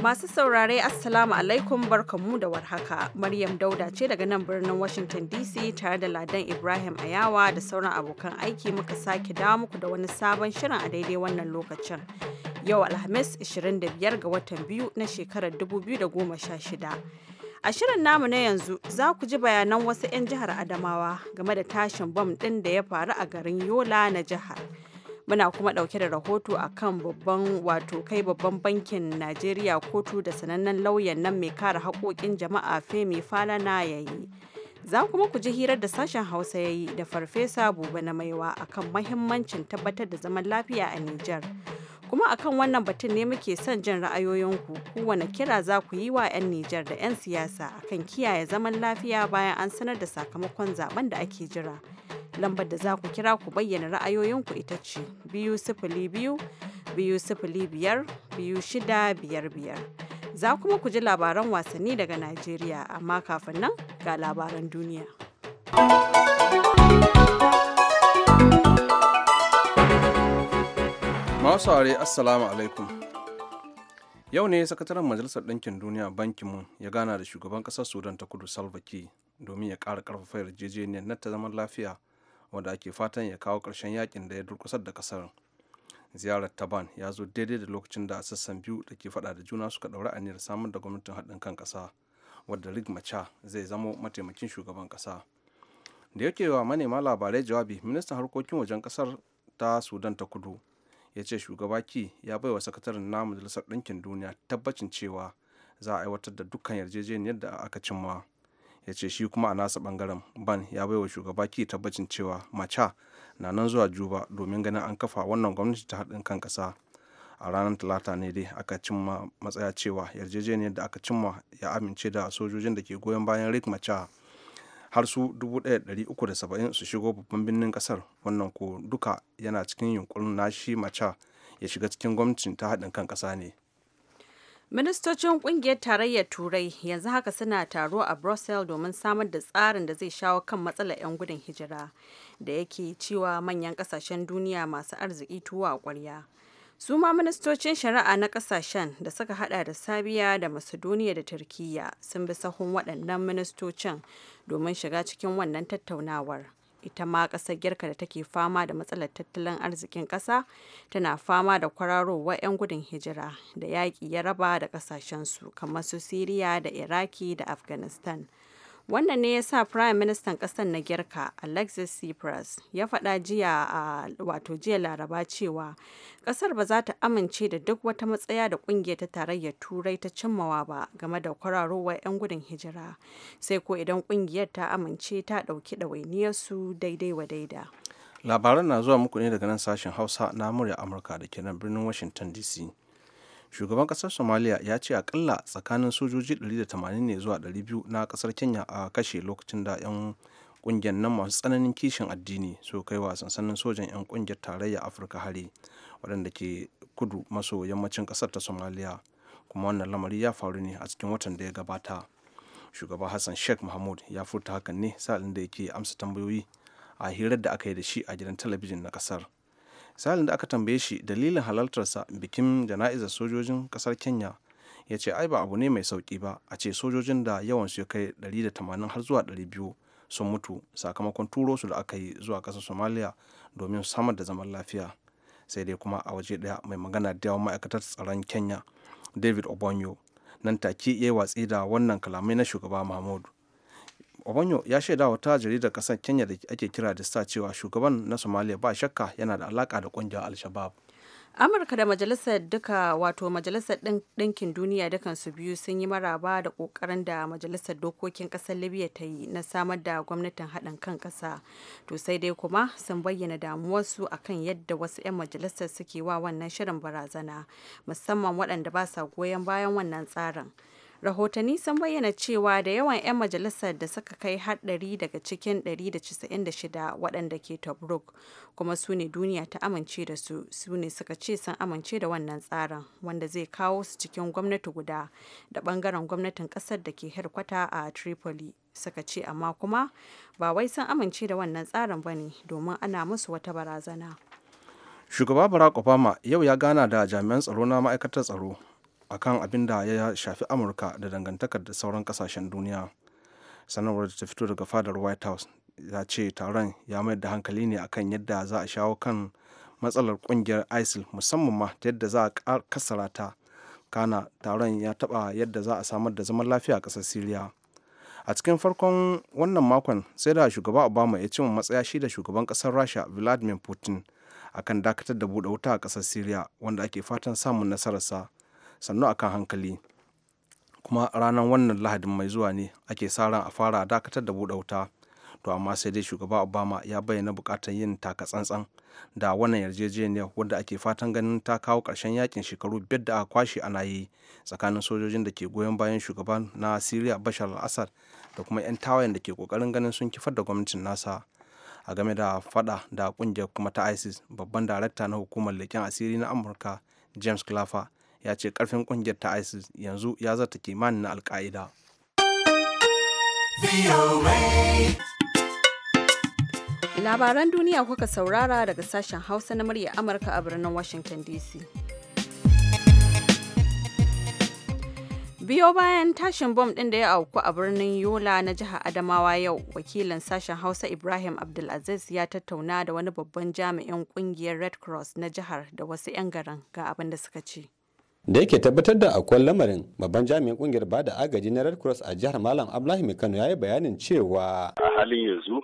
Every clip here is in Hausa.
Masu saurare Assalamu alaikum barkamu da warhaka. Maryam Dauda ce daga nan birnin Washington DC tare da Ladan Ibrahim Ayawa da sauran abokan aiki muka sake dawo muku da wani sabon shirin a daidai wannan lokacin. Yau Alhamis 25 ga watan biyu na shekarar 2016. A shirin namu na yanzu za ku ji bayanan wasu 'yan jihar Adamawa game da tashin bom ɗin da ya faru a garin Yola na jihar. muna kuma ɗauke da rahoto a kan babban wato kai babban bankin najeriya kotu da sanannen lauyan nan mai kare haƙoƙin jama'a femi falana ya yi za kuma ku ji hirar da sashen hausa ya yi da farfesa buba na maiwa akan mahimmancin tabbatar da zaman lafiya a nijar Kuma akan wannan batun ne muke son jin ra'ayoyinku kowane kira za ku yi wa 'yan Nijar da 'yan siyasa akan kiyaye zaman lafiya bayan an sanar da sakamakon zaben da ake jira. Lambar da za ku kira ku bayyana ra'ayoyinku ita ce biyu sifili biyu biyu sifili biyar biyu shida biyar biyar. Za kuma ku ji labaran wasanni daga Najeriya amma kafin nan ga labaran duniya. masu aure assalamu alaikum yau ne sakataren majalisar ɗinkin duniya bankin mu ya gana da shugaban ƙasar sudan ta kudu salva domin ya ƙara ƙarfafa yarjejeniyar na ta zaman lafiya wanda ake fatan ya kawo ƙarshen yakin da ya durƙusar da ƙasar ziyarar ta ban ya zo daidai da lokacin da sassan biyu da ke faɗa da juna suka ɗaura aniyar samar da gwamnatin haɗin kan ƙasa wadda rig macha zai zamo mataimakin shugaban ƙasa da yake wa manema labarai jawabi ministan harkokin wajen ƙasar ta sudan ta kudu ya ce shugaba ki ya bai wa sakataren na majalisar ɗinkin duniya tabbacin cewa za a aiwatar da dukkan yarjejeniyar da aka cimma ya ce shi kuma a nasa bangaren ban ya bai wa shugaba ki tabbacin cewa maca na nan zuwa juba domin ganin an kafa wannan gwamnati ta haɗin kan ƙasa a ranar talata ne dai aka cimma matsaya cewa yarjejeniyar da aka cimma ya amince da sojojin da ke goyon bayan rick macha har su 1,370 su shigo babban birnin kasar wannan ko duka yana cikin yunkurin nashi maca ya shiga cikin gwamnatin ta haɗin kan ƙasa ne ministocin kungiyar tarayyar turai yanzu haka suna taro a brussels domin samar da tsarin da zai shawo kan matsalar 'yan gudun hijira da yake cewa manyan kasashen duniya masu arziki tuwo a kwarya su ma ministocin shari'a na kasashen da suka hada da sabiya da macedonia da turkiyya sun bi sahun waɗannan ministocin domin shiga cikin wannan tattaunawar ita ma ƙasar girka da take fama da matsalar tattalin arzikin ƙasa tana fama da kwararowar 'yan gudun hijira da yaƙi ya raba da ƙasashensu kamar su siriya da iraki da afghanistan Wannan ne ya sa Firayim Ministan kasar na Girka, Alexis Tsipras, ya faɗa jiya a wato jiya Laraba cewa kasar ba za ta amince da duk wata matsaya da kungiyar ta tarayyar Turai ta cimmawa ba game da kwararowar 'yan gudun hijira, sai ko idan kungiyar ta amince ta ɗauki su daidai wa daida. Labaran na zuwa muku ne daga nan sashen Hausa na murya Amurka da kenan birnin Washington DC. shugaban kasar somalia ya ce akalla tsakanin sojoji 180 ne zuwa 200 na kasar kenya a kashe lokacin da 'yan kungiyar nan masu tsananin kishin addini su kai wa sansanin sojan 'yan kungiyar tarayya afirka hari waɗanda ke kudu maso yammacin kasar ta somalia kuma wannan lamari ya faru ne a cikin watan da ya gabata shugaba hassan sheikh mahmud ya furta hakan ne sa'ilin da yake amsa tambayoyi a hirar da aka yi da shi a gidan talabijin na kasar salin da aka tambaye shi dalilin halartarsa bikin jana'izar sojojin kasar kenya ya ce ai ba abu ne mai sauki ba a ce sojojin da yawansu ya kai 180 har zuwa 200 sun mutu sakamakon turo su da aka yi zuwa kasar somalia domin samar da zaman lafiya sai dai kuma a waje daya mai magana da yawan ma'aikatar tsaron kenya david obonyo nan take yi watsi da wannan kalamai na shugaba mahmud obanyo ya shaida wata jaridar kasar kenya da ake kira da sa cewa shugaban na somalia ba shakka yana da alaka da kungiyar al-shabab amurka da majalisar duka wato majalisar ɗinkin duniya dukansu biyu sun yi maraba da ƙoƙarin da majalisar dokokin ƙasar libya ta yi na samar da gwamnatin haɗin kan ƙasa to sai dai kuma sun bayyana damuwarsu a kan yadda wasu 'yan majalisar suke wa wannan shirin barazana musamman waɗanda ba sa goyon bayan wannan tsarin rahotanni sun bayyana cewa da yawan 'yan majalisar da suka kai har daga cikin 196 waɗanda ke tobruk kuma su ne duniya ta amince da su su ne suka ce sun amince da wannan tsarin wanda zai kawo su cikin gwamnati guda da ɓangaren gwamnatin ƙasar da ke herkwata a tripoli suka ce amma kuma ba wai sun amince da wannan tsarin ba ne domin ana musu wata barazana shugaba barack obama yau ya gana da jami'an tsaro na ma'aikatar tsaro akan abin da ya shafi amurka da dangantakar da sauran kasashen duniya sanarwar da ta fito daga fadar white house ya ce taron ya mayar da hankali ne akan yadda za a shawo kan matsalar kungiyar isil musamman ma ta yadda za a kasara ta kana taron ya taba yadda za a samar da zaman lafiya a kasar syria a cikin farkon wannan makon sai da shugaba obama ya ci matsaya shi da shugaban ƙasar rasha vladimir putin akan dakatar da buɗe wuta a ƙasar syria wanda ake fatan samun nasararsa sannu a kan hankali kuma ranar wannan lahadin mai zuwa ne ake sa ran a fara dakatar da buɗe wuta to amma sai dai shugaba obama ya bayyana buƙatar yin taka tsantsan da wannan yarjejeniyar wadda ake fatan ganin ta kawo ƙarshen yakin shekaru biyar da aka kwashe ana yi tsakanin sojojin da ke goyon bayan shugaban na syria bashar al-assad da kuma 'yan tawayen da ke kokarin ganin sun kifar da gwamnatin nasa a game da fada da kungiyar kuma ta isis babban darakta na hukumar leƙen asiri na amurka james clapper ya ce karfin kungiyar ta isis yanzu ya zata kimanin na alka'ida labaran duniya kuka saurara daga sashen hausa na murya amurka a birnin washington dc biyo bayan tashin bom ɗin da ya auku a birnin yola na jihar adamawa yau wakilin sashen hausa ibrahim abdulaziz ya tattauna da wani babban jami'in kungiyar red cross na jihar da wasu 'yan garin ga abin da suka ce da yake tabbatar da akwai lamarin babban jami'in kungiyar ba da agaji na red cross a jihar malam abdullahi mai kano ya yi bayanin cewa a halin yanzu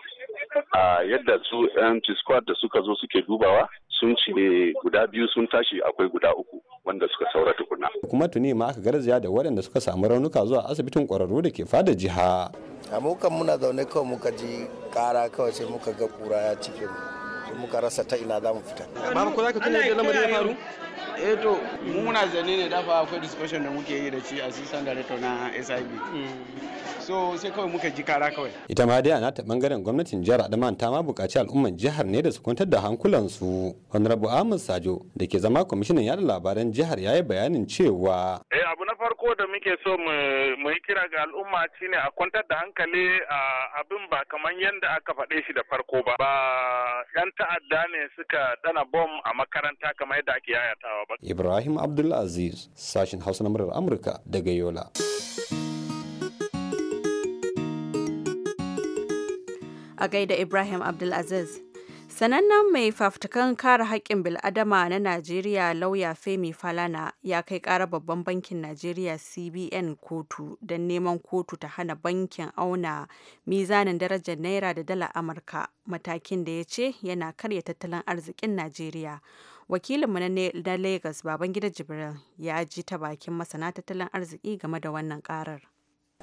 a yadda su yan squad da suka zo suke dubawa sun ce guda biyu sun tashi akwai guda uku wanda suka saura tukuna kuma tuni ma aka garzaya da waɗanda suka samu raunuka zuwa asibitin kwararru da ke fada jiha a mukan muna zaune kawai muka ji kara kawai sai muka ga kura ya cike mu muka rasa ta ina za mu fita babu ko za ka tuna yadda lamarin ya faru eh to muna zane ne dafa akwai discussion da muke yi da shi assistant director na SIB hmm. so sai kawai muka ji kara kawai ita ma dai a nata bangaren gwamnatin jihar adama ta ma bukaci al'umman jihar ne da su kwantar da hankulansu honorable ahmad sajo da ke zama kwamishinan yada labaran jihar ya yi bayanin cewa eh abu na farko da muke so mu yi kira ga al'umma shine a kwantar da hankali a abin ba kamar yadda aka faɗe shi da farko ba ba yan ta'adda ne suka dana bom a makaranta kamar yadda ake yayatawa ba ibrahim abdulaziz sashin hausa na murar amurka daga yola a gaida Ibrahim Abdulaziz. Sanannen mai fafutukan kare haƙƙin bil'adama na Najeriya lauya Femi Falana ya kai ƙara babban bankin Najeriya CBN kotu don neman kotu ta hana bankin auna mizanin darajar Naira da dala Amurka matakin da ya ce yana karya tattalin arzikin Najeriya. Wakilinmu na Lagos Babangida Jibril ya ji ta bakin masana tattalin arziki game da wannan ƙarar.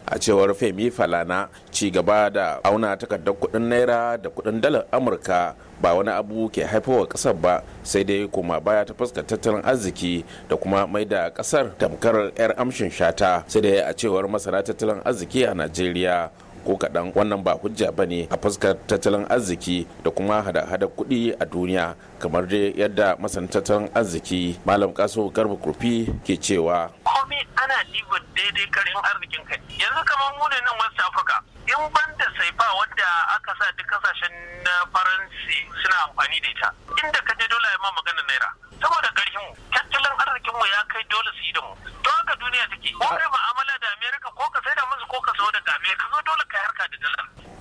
a cewar femi falana ci gaba da auna takardar kudin naira da kudin dalar amurka ba wani abu ke haifowa kasar ba sai dai kuma baya ta fuskar tattalin arziki da kuma mai da kasar tamkar 'yar amshin shata sai dai a cewar masana tattalin arziki a najeriya ko kaɗan wannan ba hujja ba ne a fuskar tattalin arziki da kuma hada-hada kuɗi a duniya kamar dai yadda masan tattalin arziki malam kaso garba kurfi ke cewa Komi ana diba daidai karin arzikin kai yanzu kamar mu ne nan west africa in ban da sai ba wanda aka sa duk kasashen na faransi suna amfani da ita inda ka je dole ma magana naira saboda karfin tattalin arzikin mu ya kai dole su yi da mu To haka duniya take ko kai ma'amala da america ko ka sai da musu ko ka sayo daga america zo dole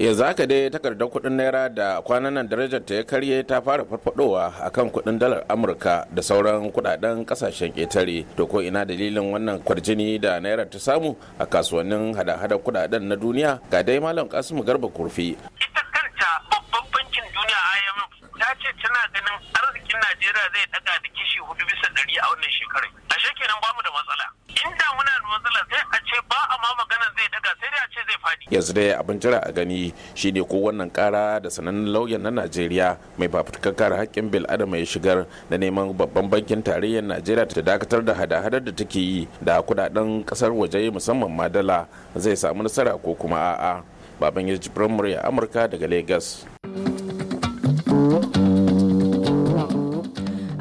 yanzu haka dai takardar kuɗin naira da kwanan nan darajar ta ya karye ta fara farfadowa akan kuɗin dalar amurka da sauran kuɗaɗen ƙasashen ƙetare to ko ina dalilin wannan kwarjini da naira ta samu a kasuwannin hada-hada kuɗaɗen na duniya ga dai malam kasimu garba kurfi ita kanta babban bankin duniya imf ta ce tana ganin arzikin najeriya zai daga da kishi hudu bisa ɗari a wannan shekarar ashe kenan babu da matsala inda muna da matsala sai a ce ba a ma magana zai daga sai dai a ce zai fadi yanzu dai abin jira a gani shine ko wannan kara da sanannen lauyan na Najeriya mai fafutukar kare haƙƙin bil adama ya shigar da neman babban bankin tarayyar Najeriya ta dakatar da hada-hadar da take yi da kudaden kasar waje musamman ma dala zai samu nasara ko kuma a'a baban ya jibrin murya Amurka daga Lagos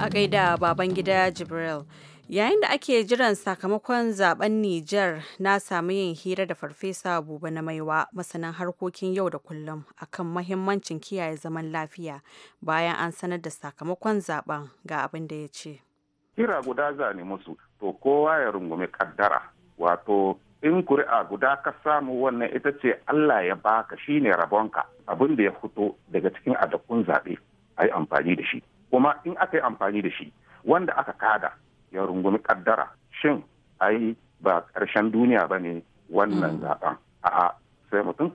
a gaida baban gida Jibril Yayin da ake jiran sakamakon zaben Nijar na samu yin hira da Farfesa Buba na Maiwa, masanan harkokin yau da kullum akan mahimmancin kiyaye zaman lafiya bayan an sanar da sakamakon zaben ga abin da ya ce. Kira guda zane musu, to kowa ya rungumi kaddara, wato in kuri'a guda ka samu wannan ita ce Allah ya baka shine rabonka abin da ya fito daga cikin adakun zaɓe a yi amfani da shi. Kuma in aka yi amfani da shi, wanda aka kada ya rungumi kaddara shin ai ba ƙarshen duniya ba ne wannan hmm. zaben a'a sai mutum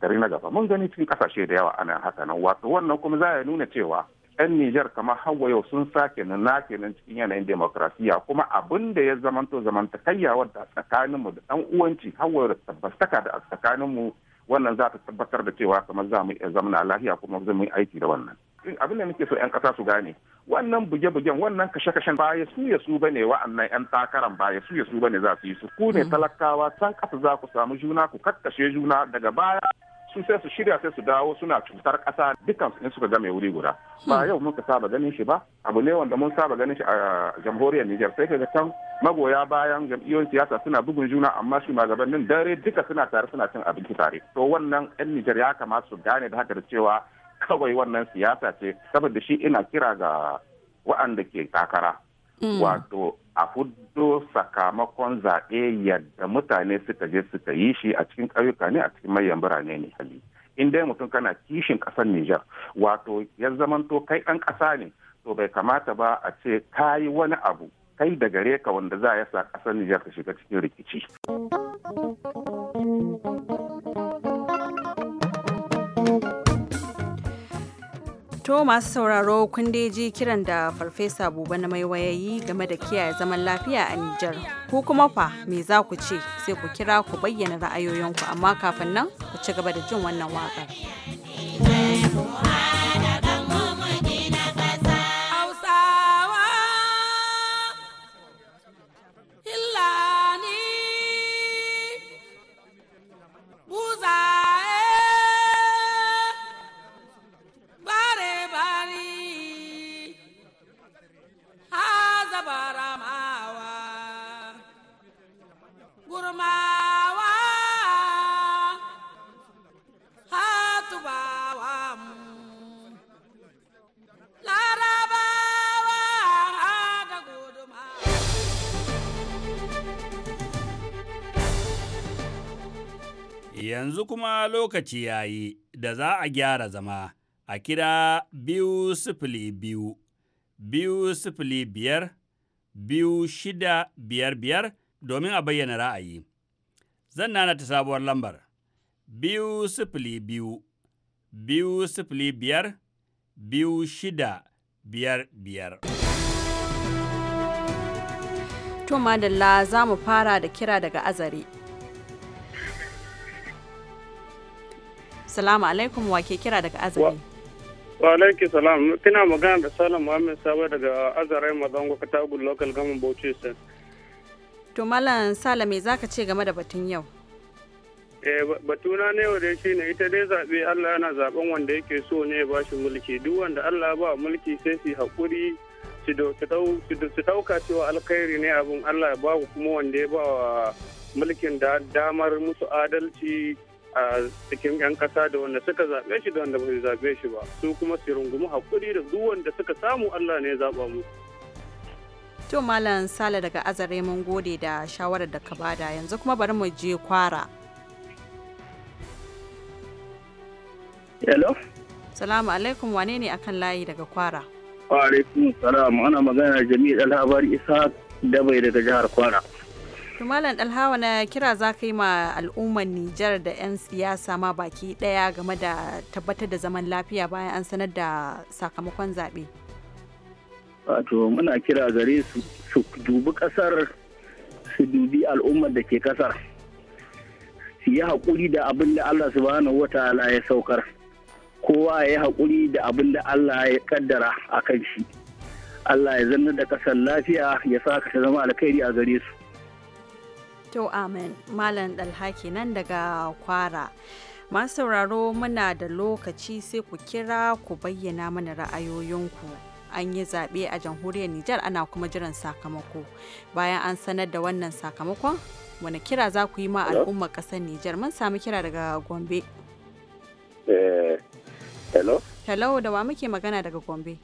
tare na gaba mun gani cikin kasashe da yawa ana haka nan wato wannan kuma za ya nuna cewa yan Nijar kamar hawa yau sun sake nan na nan cikin yanayin demokrasiya kuma abin da ya zamanto zamantakayya da tsakaninmu da ɗan uwanci hawa da tabbastaka da tsakaninmu wannan za ta tabbatar da cewa kamar za mu iya zamana lafiya kuma zai mu aiki da wannan abin da nake so 'yan ƙasa su gane wannan buge-bugen wannan kashe-kashen ba su ya su bane wa'annan yan takaran ba ya su ya su bane za su yi su ku ne mm. talakawa can kasa za ku samu juna ku kakkashe juna daga baya su sai su shirya sai su dawo suna cutar kasa dukkan in suka game wuri guda ba hmm. yau muka saba ganin shi ba abu ne wanda mun saba ganin shi a jamhuriyar Nijar sai kaga can magoya bayan jam'iyyun siyasa suna bugun juna amma shugabannin dare duka suna tare suna cin abinci tare to wannan yan Nijar ya kamata su gane da haka da cewa kawai wannan siyasa ce saboda shi ina kira ga wa'anda ke takara mm. wato a hudu sakamakon zaɓe yadda mutane suka je suka yi shi a cikin ƙauyuka ne a cikin mayan birane ne hali in dai mutum kana kishin ƙasar Nijar wato ya zamanto kai ɗan ƙasa ne to bai kamata ba a ce ka yi wani abu kai da gare ka wanda za ya sa ƙasar Nijar ta shiga cikin rikici. To masu sauraro kun ji kiran da Farfesa Buba na maiwayayi game da kiyaye zaman lafiya a Nijar. Ku kuma fa me za ku ce sai ku kira ku bayyana ra'ayoyinku amma kafin nan ku ci gaba da jin wannan waƙar. Yanzu kuma lokaci ya yi da za a gyara zama a kira biyu sifili biyu, biyu sifili biyar, biyu shida biyar biyar domin a bayyana ra'ayi. Zan nana ta sabuwar lambar, biyu sifili biyu, biyu sifili biyar, biyu shida biyar biyar. To madalla za mu fara da kira daga azare. Salamu alaikum wa ke kira daga Azare. Wa alaikum salam. Kina magana da Salam Muhammad Sabo daga Azare Mazango Katagun Local Gamin Bauchi State. To Malam Sala me zaka ce game da batun yau? Eh batuna ne wa dai shine ita dai zaɓe Allah yana zaben wanda yake so ne ya bashi mulki. Duk wanda Allah ba mulki sai su hakuri su dauka cewa alkhairi ne abin Allah ya ba kuma wanda ya ba wa mulkin damar musu adalci a cikin 'yan kasa da wanda suka zaɓe shi da wanda ba su zaɓe shi ba su kuma su rungumi hakuri, da duk wanda suka samu Allah ne ya zaɓa mu. To Malam Sale daga Azare mun gode da shawarar da ka bada yanzu kuma bari mu je kwara. Hello. Salamu alaikum wane ne akan layi daga kwara? Wa alaikum salam ana magana Jami'ar Alhabari Isa Dabai daga jihar Kwara. Malam Dalhawa na kira za ka yi ma al'ummar Nijar da 'yan siyasa ma baki daya game da tabbatar da zaman lafiya bayan an sanar da sakamakon zaɓe. Wato muna kira gare su su dubi ƙasar su dubi al'ummar da ke kasar Su yi haƙuri da abin da Allah subhanahu wa ta'ala ya saukar. Kowa ya yi haƙuri da abin da Allah ya kaddara a kan shi. Allah ya zanna da kasar lafiya ya sa ka zama alkhairi a gare su. To amin, Malam dalhaki nan daga kwara. Masu sauraro muna da lokaci sai ku kira ku bayyana mana ra'ayoyinku. An yi zaɓe a jamhuriyar Nijar ana kuma jiran sakamako. Bayan an sanar da wannan sakamakon, wani kira za ku yi ma al'umma ƙasar Nijar? Mun sami kira daga Gombe. Eh, hello? Hello, da wa muke magana daga Gombe?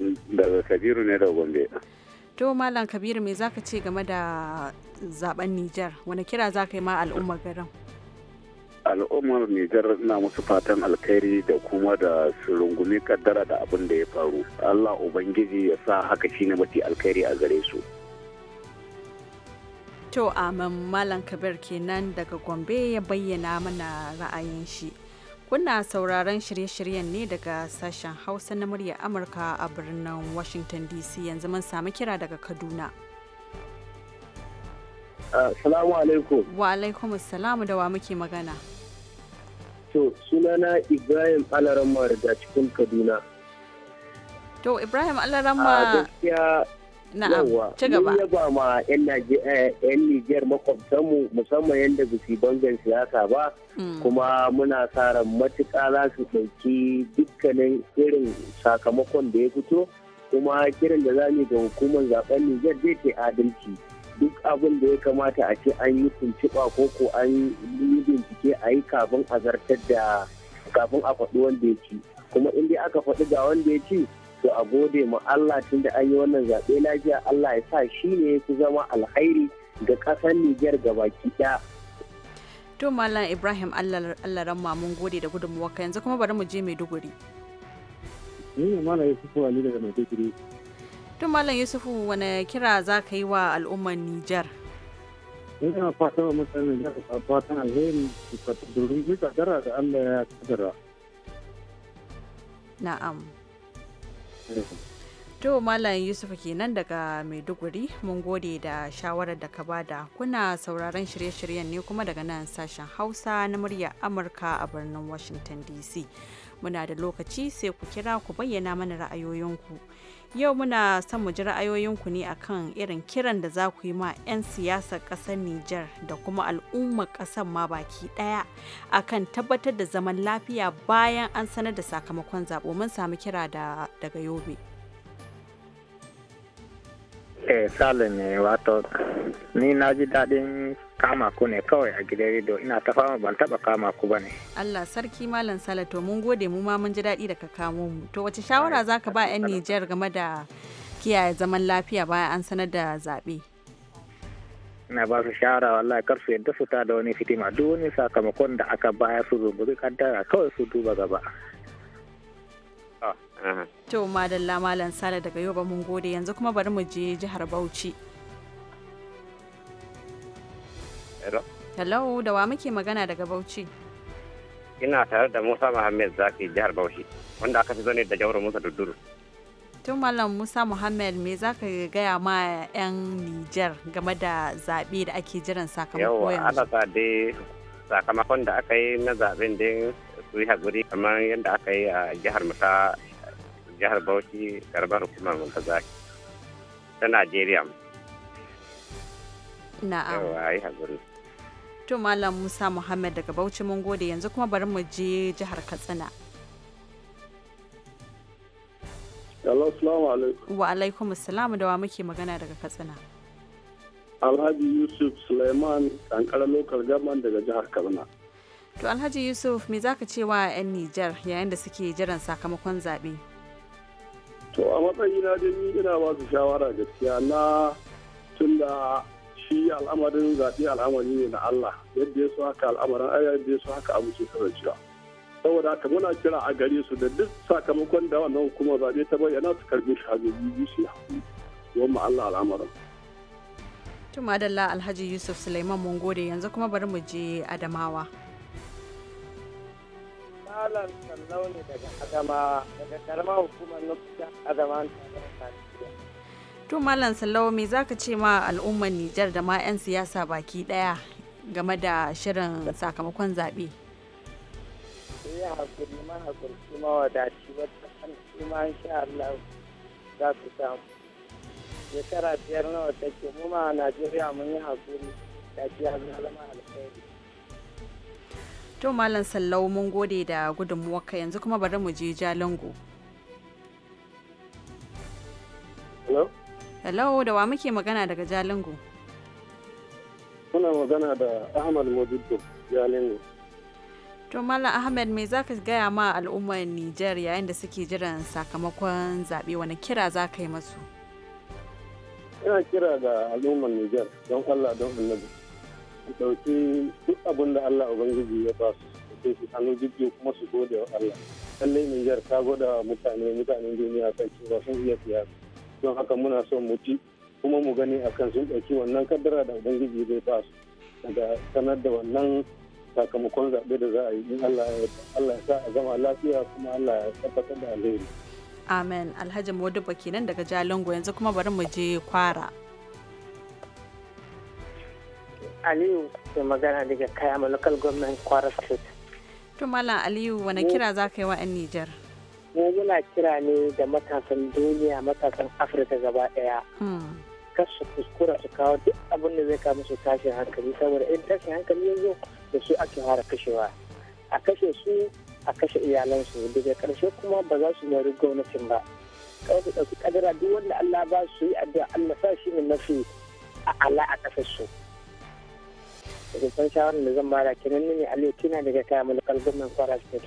Daga Kabiru ne daga Gombe. to malam kabiru me zaka ce game da zaben nijar wani kira zaka yi ma al'ummar garin al'ummar nijar na musu fatan alkhairi da kuma da su rungumi kaddara da abin da ya faru allah ubangiji ya sa haka shine mafi alkhairi a gare su to amin malam kabir kenan daga gombe ya bayyana mana ra'ayin shi Kuna sauraron shirye-shiryen ne daga sashen Hausa na murya Amurka a birnin Washington DC yanzu mun samu kira daga Kaduna. Ah, salamu alaikum. Wa alaikum salamu da wa muke magana. To sunana Ibrahim Alaramma daga cikin Kaduna. To Ibrahim ah, Alaramma. gaskiya Na'am, ci gaba. yaba ma 'yan eh, Nijar makwabtanmu musamman yadda ba su bangan siyasa ba, hmm. kuma muna sa ran matuƙa za su ɗauki dukkanin irin sakamakon da ya fito, kuma kiran da za mu ga hukumar zaben Nijar zai ce adalci. Duk abin da ya kamata a ce an yi tuntuɓa ko ko an yi bincike a yi kafin a zartar da kafin a faɗi wanda ya ci. Kuma in dai aka faɗi ga wanda ya ci, to a gode mu Allah tun da an yi wannan zaɓe lafiya Allah ya sa shi ne ya fi zama alkhairi ga ƙasar Nijar baki ɗaya. To Malam Ibrahim Allah ramma mun gode da gudunmuwa ka yanzu kuma bari mu je Maiduguri. duguri. ne Malam Yusufu Ali daga Maiduguri. To Malam Yusufu wani kira za ka yi wa al'ummar Nijar? Ina fata wa mutane da su fatan alheri su fata durin duka dara da Allah ya kaddara. Na'am. To Malam Yusuf kenan daga Maiduguri mun gode da shawarar da ka bada kuna sauraron shirye-shiryen ne kuma daga nan sashen Hausa na murya Amurka a birnin Washington DC. Muna da lokaci sai ku kira ku bayyana mana ra'ayoyinku. Yau muna son mu ji ra'ayoyinku ne akan irin kiran da za ku yi ma 'yan siyasar ƙasar Nijar da kuma al'ummar ƙasar ma baki ɗaya akan tabbatar da zaman lafiya bayan an sanar da sakamakon zaɓo mun sami kira daga Yobe. Eh, Sale ne wato ni na ji daɗin kama ku ne kawai a gidan rediyo ina ta fama ban taɓa kama ku ba ne. Allah sarki Malam Sale to mun gode mu ma mun ji daɗi da ka kamo mu. To wace shawara zaka ba 'yan Nijar game da kiyaye zaman lafiya bayan an sanar da zaɓe? Ina ba su shawara wallahi kar su yadda su da wani fitima duk wani sakamakon da aka baya su rubutu kaddara kawai su duba gaba. Ah, To madalla malam Sale daga Yoba mun gode yanzu kuma bari mu je jihar Bauchi. Hello, da wa muke magana daga Bauchi? Ina tare da Musa Muhammad Zaki jihar Bauchi, wanda aka fi zane da jawar Musa Dudduru. Tun Malam Musa Muhammad me za ka gaya ma 'yan Nijar game da zaɓe da ake jiran sakamako yanzu? yau ana sa dai sakamakon da aka yi na zaɓen din su yi haƙuri kamar yadda aka yi a jihar Musa jihar Bauchi karbar hukumar Mulkazaki ta Najeriya. Na'am. Yawa yi To Malam Musa Muhammad daga Bauchi mun gode yanzu kuma bari mu je jihar Katsina. Allah salamu alaikum. Wa alaikum assalam da wa muke magana daga Katsina. Alhaji Yusuf Suleiman kankara local government daga jihar Kaduna. To Alhaji Yusuf me zaka ce wa 'yan Nijar yayin da suke jiran sakamakon zaɓe? to a matsayina dai ni ina ba su shawara gaskiya na tun da shi al'amarin zaɓe al'amari ne na Allah yadda ya so haka al'amarin ayya yadda ya so haka abu ke kasancewa saboda haka muna kira a gare su da duk sakamakon da wannan hukumar zaɓe ta bayyana su karbi shi hannu biyu su yi mu Allah al'amarin. Tumadalla Alhaji Yusuf Suleiman mun gode yanzu kuma bari mu je Adamawa. Malam Sallau ne daga Adamawa, daga karamar hukumar Nufuta Adamawa To Malam Sallau me zaka ce ma al'ummar Nijar da ma 'yan siyasa baki daya game da shirin sakamakon zaɓe? Ya hakuri ma hakuri kuma wadaci wata an kuma insha Allah za su samu. Shekara biyar nawa take mu ma a Najeriya mun yi hakuri da a zalama alkhairi. To Malam Sallau mun gode da gudunmuwarka yanzu kuma bari mu je Jalingo. Hello? Hello, da wa muke magana daga Jalingo? Muna magana da Ahmad Mojibdo Jalingo. To Malam Ahmad me za ka gaya ma al'ummar Nijar yayin da suke jiran sakamakon zaɓe wani kira za ka yi masu? Ina kira ga al'ummar Nijar don Allah don annabi. Ɗauki abin da Allah Ubangiji ya ba su sai su hannu bibiyu kuma su gode wa Allah mai yar ta gwada wa mutane mutanen duniya kan cewa sun iya siya. don haka muna son mu ci kuma mu gani akan sun ɗauki wannan kaddara da Ubangiji zai ba su daga sanar da wannan sakamakon zaɓe da za a yi in Allah ya sa a zama lafiya kuma Allah ya tabbatar da alheri. Amen. Alhaji Modibo kenan daga Jalingo yanzu kuma bari mu je kwara. Aliyu ke magana daga kaya ma Local Government Kwara State. To Malam Aliyu wani kira za ka yi wa 'yan Nijar? Mu muna kira ne da matasan duniya matasan Afirka gaba ɗaya. Hmm. Kar su kuskura su kawo duk abin da zai kawo musu tashin hankali saboda in tashin hankali yanzu da su ake fara kashewa. A kashe su a kashe iyalansu daga karshe kuma ba za su mori gwamnatin ba. Kawai su ɗauki kadara duk wanda Allah ba su yi addu'a Allah sa shi ne mafi a'ala a ƙasar su. kusan shawarar da zan bada kenan ne aliyu tuna daga kaya mulkar gwamnan kwara state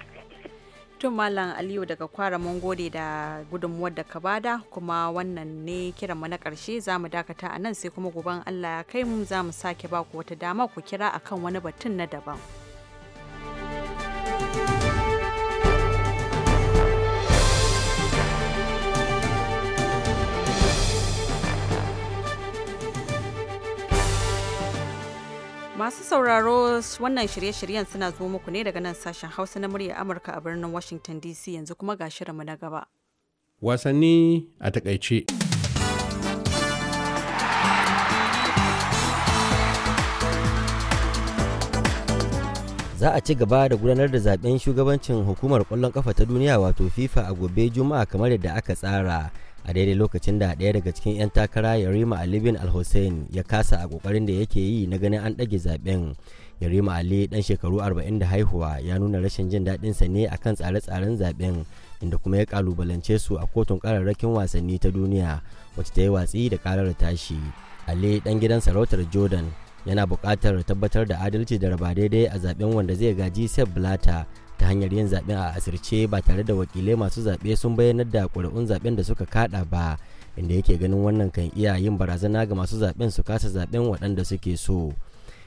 tun malam aliyu daga kwara mun gode da gudunmuwar da ka bada kuma wannan ne kiranmu na karshe za mu dakata a nan sai kuma guban allah ya kai mu za mu sake ba ku wata dama ku kira akan wani batun na daban. Masu sauraro wannan shirye-shiryen suna zo muku ne daga nan sashen Hausa na murya Amurka a birnin Washington DC yanzu kuma ga shirinmu na gaba. Wasanni a takaice. za a ci gaba da gudanar da zaben shugabancin hukumar kwallon kafa ta duniya wato fifa a gobe juma'a kamar yadda aka tsara a daidai lokacin da ɗaya daga cikin 'yan takara yarima ali bin al-hussein ya kasa a kokarin da yake yi na ganin an ɗage zaben yarima ali dan shekaru arba'in da haihuwa ya nuna rashin jin daɗin sa ne akan tsare-tsaren zaben inda kuma ya kalubalance su a kotun kararrakin wasanni ta duniya wacce ta yi watsi da karar tashi ali dan gidan sarautar jordan yana buƙatar tabbatar da adalci da raba daidai a zaben wanda zai gaji Sepp Blatter ta hanyar yin zaben a asirce ba tare da wakilai masu zaɓe sun bayyanar da ƙuri'un zaɓen da suka kaɗa ba inda yake ganin wannan kan iya yin barazana ga masu zaben su kasa zaɓen waɗanda suke so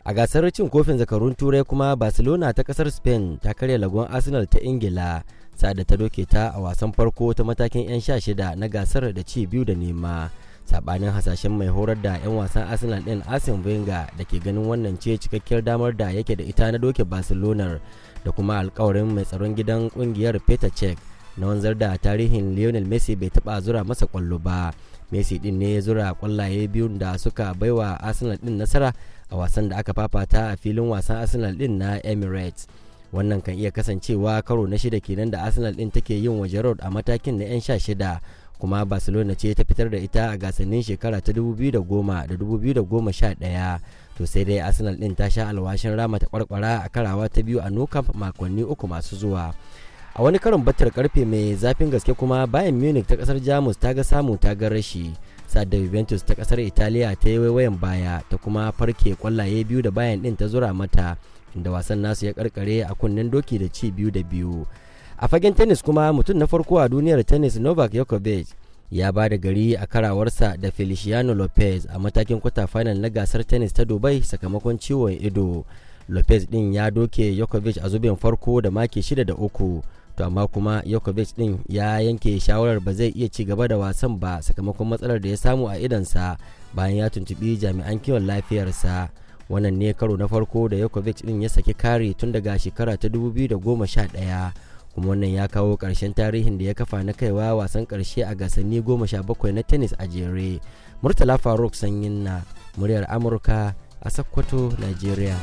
a gasar cin kofin zakarun turai kuma barcelona ta ƙasar spain ta karya lagon arsenal ta ingila sa'ad da ta doke ta a wasan farko ta matakin 'yan sha shida na gasar da ci biyu da nema sabanin hasashen mai horar da 'yan wasan arsenal din arsene wenger da ke ganin wannan ce cikakkiyar damar da yake da ita na doke barcelona da kuma alkawarin mai tsaron gidan kungiyar peter check na wanzar da tarihin lionel messi bai taba zura masa kwallo ba messi din ne ya zura kwallaye biyu da suka baiwa arsenal din nasara a wasan da aka fafata a filin wasan arsenal din na emirates wannan kan iya kasancewa karo na shida kenan da arsenal din take yin waje road a matakin na 'yan sha shida kuma barcelona ce ta fitar da ita a gasannin shekara ta 2010 da 2011 to sai dai arsenal din ta sha alwashin rama ta kwarkwara a karawa ta biyu a nou camp makonni uku masu zuwa a wani karin batar karfe mai zafin gaske kuma bayan munich ta kasar jamus ta ga samu ta ga rashi da juventus ta kasar italiya ta yi waiwayan baya ta kuma farke kwallaye biyu da bayan din ta zura mata inda wasan nasu ya karkare a kunnen doki da ci biyu da biyu a fagen tennis kuma mutum na farko a duniyar tennis novak djokovic ya ba da gari a karawarsa da feliciano lopez a matakin kwata final na gasar tennis ta dubai sakamakon ciwon ido lopez din ya doke djokovic a zubin farko da maki shida da uku to amma kuma Djokovic din ya yanke shawarar ba zai iya ci gaba da wasan ba sakamakon matsalar da ya samu a idansa bayan ya tuntubi jami'an kiwon lafiyarsa wannan ne karo na farko da Djokovic din ya saki kare tun daga shekara ta 2011 kuma wannan ya kawo ƙarshen tarihin da ya kafa na kaiwa wasan ƙarshe a gasanni goma sha bakwai na tennis a jere murtala faruk sanyin na muryar amurka a sakkwato nigeria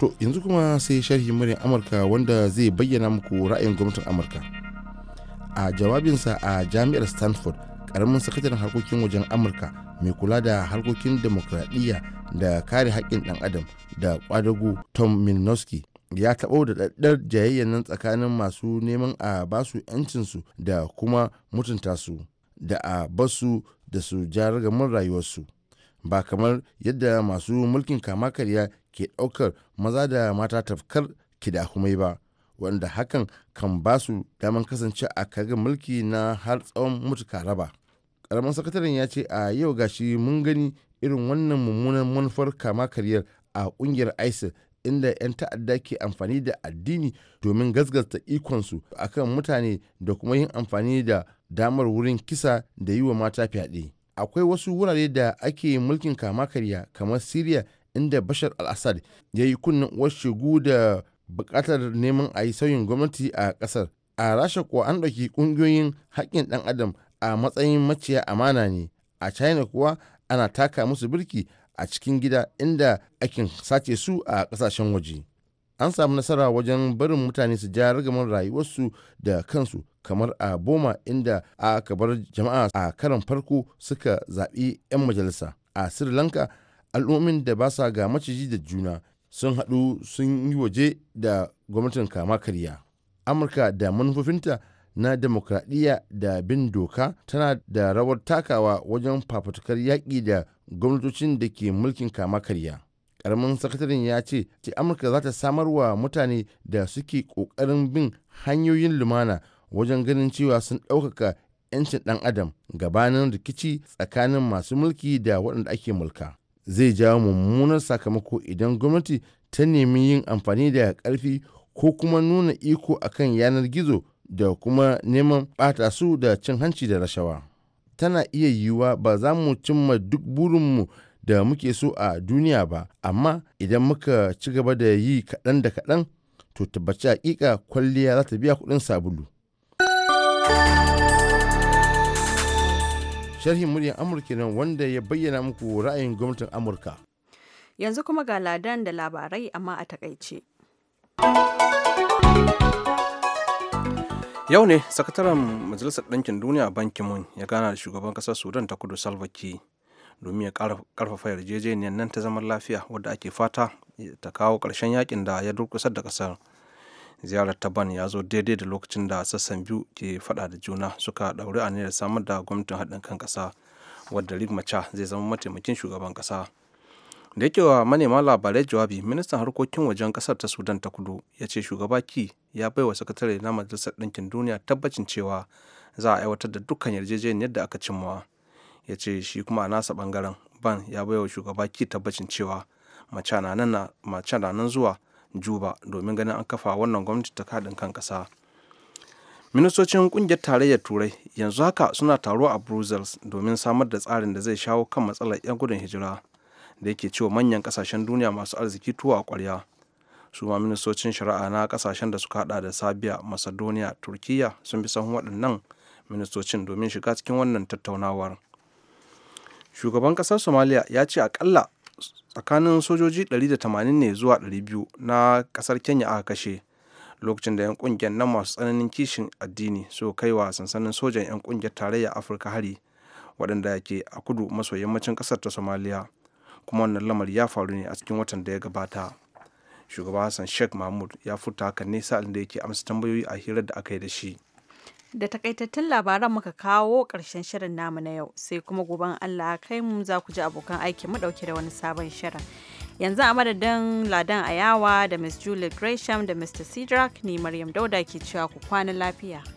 to yanzu kuma sai sharhi muryar amurka wanda zai bayyana muku ra'ayin gwamnatin amurka a jawabinsa a jami'ar stanford karamin sakataren harkokin wajen amurka mai kula da harkokin demokradiyya da kare haƙƙin ɗan adam da kwadago tom milnowski ya taɓo da ɗaɗɗar jayayyen nan tsakanin masu neman a basu 'yancinsu da kuma mutunta su da a basu da su ja rayuwarsu ba kamar yadda masu mulkin kama karya ke ɗaukar maza da mata tafkar kida kuma ba wanda hakan kan ba su daman kasance a kagin mulki na har tsawon mutuka raba karamin sakataren ya ce a yau gashi mun gani irin wannan mummunan manufar kama karyar a kungiyar isil inda 'yan ta'adda ke amfani da addini domin gasgasta ikonsu akan mutane da kuma yin amfani da damar wurin kisa da yi wa mata fyaɗe akwai wasu wurare da ake mulkin kama karya kamar siriya. inda bashar al-assad ya yi kunnen uwar shigu da bukatar neman a yi sauyin gwamnati a kasar a rasha kuwa an ɗauki ƙungiyoyin haƙƙin ɗan adam a matsayin maciya amana ne a china kuwa ana taka musu birki a cikin gida inda ake sace su a ƙasashen waje an samu nasara wajen barin mutane su ja ragamar rayuwarsu da kansu kamar a boma inda aka bar jama'a a karan farko suka zaɓi 'yan majalisa a sri lanka al'ummin da ba sa ga maciji da juna sun haɗu sun yi waje da gwamnatin kama karya amurka da manufofinta na demokradiyya da bin doka tana da rawar takawa wajen fafutukar yaƙi da gwamnatocin da ke mulkin kama karya Ƙaramin sakataren ya ce ce amurka za ta samar wa mutane da suke ƙoƙarin bin hanyoyin lumana wajen ganin cewa sun ɗaukaka 'yancin ɗan adam gabanin rikici tsakanin masu mulki da waɗanda ake mulka zai jawo mummunar sakamako idan gwamnati ta nemi yin amfani da karfi ko kuma nuna iko akan yanar gizo da kuma neman ɓata su da cin hanci da rashawa. Tana iya yiwuwa ba za mu cimma duk burinmu da muke so a duniya ba, amma idan muka ci gaba da yi kaɗan da kaɗan, to tabbaci hakika kwalliya za ta biya kuɗin sabulu. sharhin muryar amurka nan wanda ya bayyana muku ra'ayin gwamnatin amurka yanzu kuma ga ladan da labarai amma a takaice yau ne sakataren majalisar ɗinkin duniya bankin mun ya gana da shugaban ƙasar sudan ta kudu salva domin ya karfafa yarjejeniyar nan ta zaman lafiya wadda ake fata ta kawo ƙarshen yakin da ya durkusar da ƙasar ziyarar ta ban ya zo daidai da lokacin da sassan biyu ke fada da juna suka ɗauri da samar da gwamnatin haɗin kan ƙasa wadda rick macha zai zama mataimakin shugaban ƙasa da yake wa manema labarai jawabi ministan harkokin wajen ƙasar ta sudan ta kudu ya ce shugaba ki ya baiwa sakatare na majalisar ɗinkin duniya tabbacin cewa za a aiwatar da dukkan yarjejeniyar da aka cimmawa ya ce shi kuma a nasa ɓangaren ban ya baiwa shugaba ki tabbacin cewa mace na nan zuwa juba domin ganin an kafa wannan gwamnati ta kaɗin kan ƙasa ministocin ƙungiyar tarayyar turai yanzu haka suna taro a brussels domin samar da tsarin da zai shawo kan matsalar 'yan gudun hijira da yake cewa manyan ƙasashen duniya masu arziki tuwa a ƙwarya su ma ministocin shari'a na ƙasashen da suka haɗa da sabiya macedonia turkiya sun bi sahun waɗannan ministocin domin shiga cikin wannan tattaunawar shugaban kasar somaliya ya ce akalla tsakanin sojoji 180 ne zuwa 200 na kasar kenya aka kashe lokacin da 'yan kungiyar na masu tsananin kishin addini suka kai wa sansanin sojan 'yan kungiyar tarayya afirka hari waɗanda ke a kudu maso yammacin ƙasar ta somaliya kuma wannan lamari ya faru ne a cikin watan da ya gabata shugaba hassan sheikh mahmud ya furta hakan ne sa'ilin da yake amsa tambayoyi a hirar da aka yi da shi da takaitattun labaran muka kawo ƙarshen shirin namu na yau sai kuma goben Allah kai mu za ku ji abokan aiki mu ɗauke da wani sabon shirin. Yanzu a madadin Ladan Ayawa da Miss Julie Gresham da Mr. Cedric ne Maryam Dauda ke cewa ku kwana lafiya.